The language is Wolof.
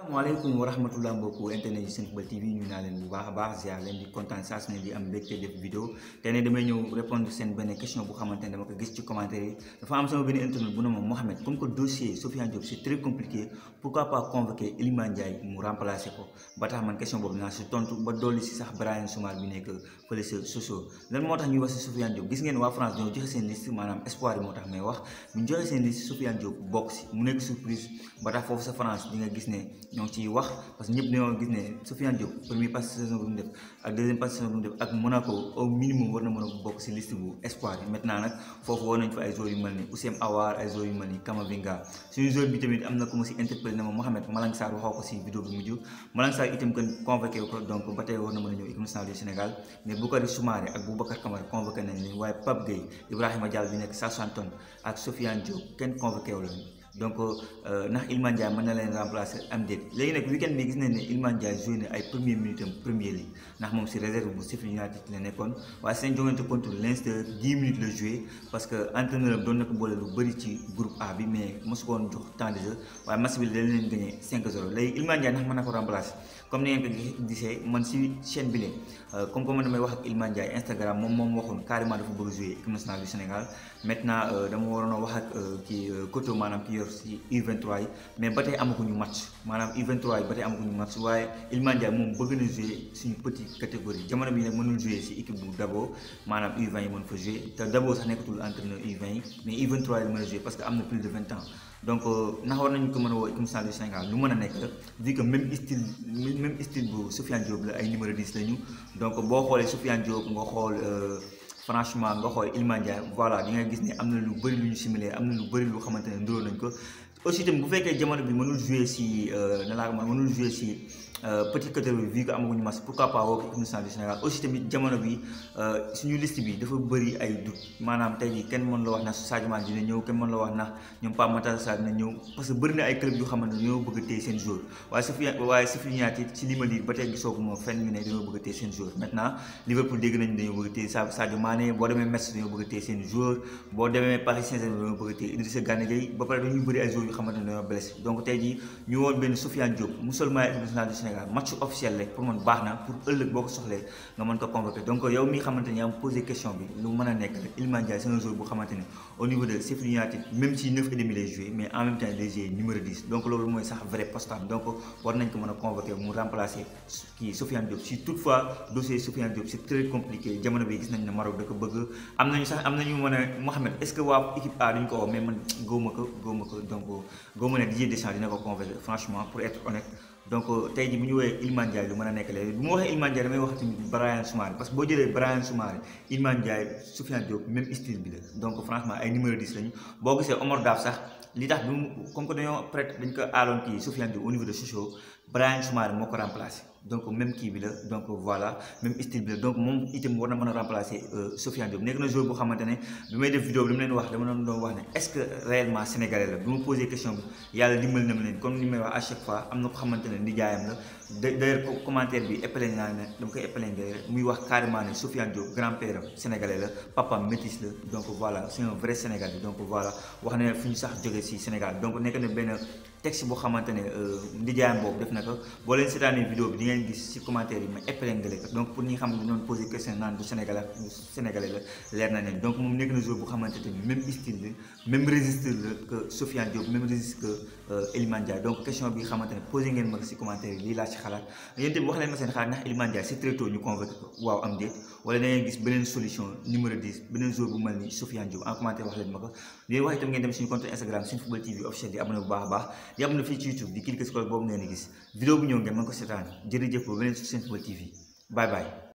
asalaamaaleykum wa rahmatulah mbokku internet yi Senfootball TV ñu na leen bu baax baax ziar leen di content saa su ne di am mbégte def vidéo te ne ñeu répondre seen benn question bu xamantene dama ko gis ci commentaire yi dafa am sama benn internet bu no moom Mohamed comme que dossier Sofiane Diop c'est très compliqué pourquoi pas convoquer Iliman Ndiaye mu remplacer ko ba tax man question bobu na ci tontu ba doli ci sax Brahim Soumar bi nek fële socio lan motax ñu ñuy wax si Sofiane Diop gis ngeen wa France ñoo joxe seen liste manam espoir motax may wax bu ñu joxe seen liste Sofiane Diop box mu nek surprise ba tax fofu sa France di nga gis ne ñoo ngi ciy wax parce que ñëpp dañoo gis ne Sofiane Diop premier passe saison bu mu def ak deuxième passe saison bu mu def ak Monaco au minimum war na mën a bokk si liste bu espoir yi maintenant nag foofu war nañ fa ay joueurs yu mel ni Ousseyn Awar ay yu mel ni Camavinga suñu joueur bi tamit am na ku ma si interpellé na ma Mohamed Malang Sarr waxoo ko si vidéo bi mujj Malang itam kan convoqué donc ba tey war na mën a ñëw équipe nationale du Sénégal mais Boukary Soumaré ak ak donc euh, euh, ndax Iliman Ndiaye mën na leen remplacer am déet léegi nag weekend bi gis nañ ne Ilman Ndiaye joué na ay premier minute am première ligne ndax moom si réserve bu Sheffield United la nekkoon waaye seen jongante contre Leinster 10 minutes la joué parce que entraîneur am doon na ko boole lu bëri ci groupe A bi mais mosu ko jox temps de jeu waaye match bi dañ leen gagné 5-0 léegi Ilman Ndiaye ndax mën na ko remplacer comme ni ngeen ko gisee man si chaîne bi ne euh, comme comme man damay wax ak Ilman Ndiaye Instagram moom moom waxoon carrément dafa bëgg joué équipe nationale du Sénégal maintenant dama waroon a wax ak kii Koto maanaam kii yor si U23 mais batay tey ñu match manam U23 batay ba ñu match waye Ilmandia Ndiaye moom bëgg na jouer une petite catégorie jamono bi nak mënul jouer ci équipe bu Dabo manam U20 yi mën fa jouer té Dabo sax nekkatul entraîneur U20 mais U23 yi mën a jouer parce que amna plus de 20 ans donc euh, nax war nañ ko mëna wo woo équipe du Sénégal lu mëna a nekk vu que même style même style bu Sofiane Diop la ay numéro 10 la ñu donc bo xolé Sofiane Diop nga xool euh, franchement nga xool Iliman Ndiaye voilà di gis ne am na lu bëri lu ñu am na lu bëri lu xamante ne nduróo nañ ko aussi tamit bu fekkee jamono bi mënul jouer si euh, na laa mënul jouer si euh, petit côté bi vu que amaguñu match pourquoi pas woo ko équipe nationale Sénégal aussi tamit jamono bi euh, suñu liste bi dafa bëri ay doute maanaam tey jii kenn mën wax na Sadio Mané dina ñëw kenn mën wax na ñoom ñëw parce bëri na ay club yu xamante ne ñoo bëgg a téye seen joueur waaye su fi waaye su fi ñaati ci li ba tey gisoo ko moom ne dañoo bëgg a seen joueur maintenant Liverpool dégg nañu nga dañoo blessé donc tey jii ñu woon benn Soufiane Diop mu seulement équipe match officiel la pour man baax na pour ëllëg boo ko soxlee nga mën ko convoqué donc yow mi xamante yaa ngi posé question bi lu mën a nekk rek Iliman Ndiaye bu xamante au niveau de Sheffield mais en même temps day joué numéro donc loolu mooy sax vrai postam donc war nañ ko mën a convoqué mu remplacer kii Soufiane Diop si toutefois dossier Soufiane Diop c'est gëmu ne Didier Deschamps dina ko convaincre franchement pour être honnête donc euh, tay ji bu ñu woowee Iliman Ndiaye lu mëna a nekk léegi bu ma waxe Ilman Ndiaye damay wax tamit Brahim Soumaré parce que bo jëlé Brian Soumaré Ilman Ndiaye Soufiane Diop même style bi la donc franchement ay numéro 10 lañu bo gisee Omar Daf sax li tax bu comme que dañoo prête dañ ko aaloon ki Soufiane Diop au niveau de Sochaux Brian Soumaré moko remplacer donc même qui bi la donc voilà même style bi donc moom item war na mën a remplacer euh, Sofiane Diop nek na joueur bo xamantene bi may def vidéo bi li len wax dama doon doon wax né est-ce que réellement sénégalais la bi ma posé question yalla dimbal na ma comme ni may wax à chaque fois amna ko xamantene ni nijaayam la d'ailleurs commentaire bi épelé na ne dama koy épelé muy wax carrément ne Sofiane Diop grand-père sénégalais la papa métis la donc voilà c'est un vrai sénégalais donc voilà wax né fuñu sax jóge ci Sénégal donc nek na ben texte bo xamantene euh ni nijaayam boobu def na ko boo leen seetaanee vidéo bi ngeen gis ci commentaire yi ma épinglé ko donc pour ñi xam ne doon posé question naan bu sénégalais Sénégalais la leer na leen donc moom nekk na jour bu xamante ne même style la même registre la que Sofiane Diop même registre que euh, Elimane Dia donc question bi xamante ne posé ngeen ma ko ci commentaire yi lii laa ci xalaat yéen tamit wax leen ma seen xalaat ndax Elimane Dia c'est très tôt ñu convoqué ko waaw am déet wala da ngeen gis beneen solution numéro 10 beneen jour bu mel ni Sofiane Diop en commentaire wax leen ma ko léegi wax itam ngeen dem suñu compte Instagram suñu football TV officiel di abonné bu baax a baax di abonné fii ci YouTube di cliquer ci cloche boobu ngeen gis vidéo bu ñëw ngeen mën ko seetaan Dirija Providence Central TV. Bye bye.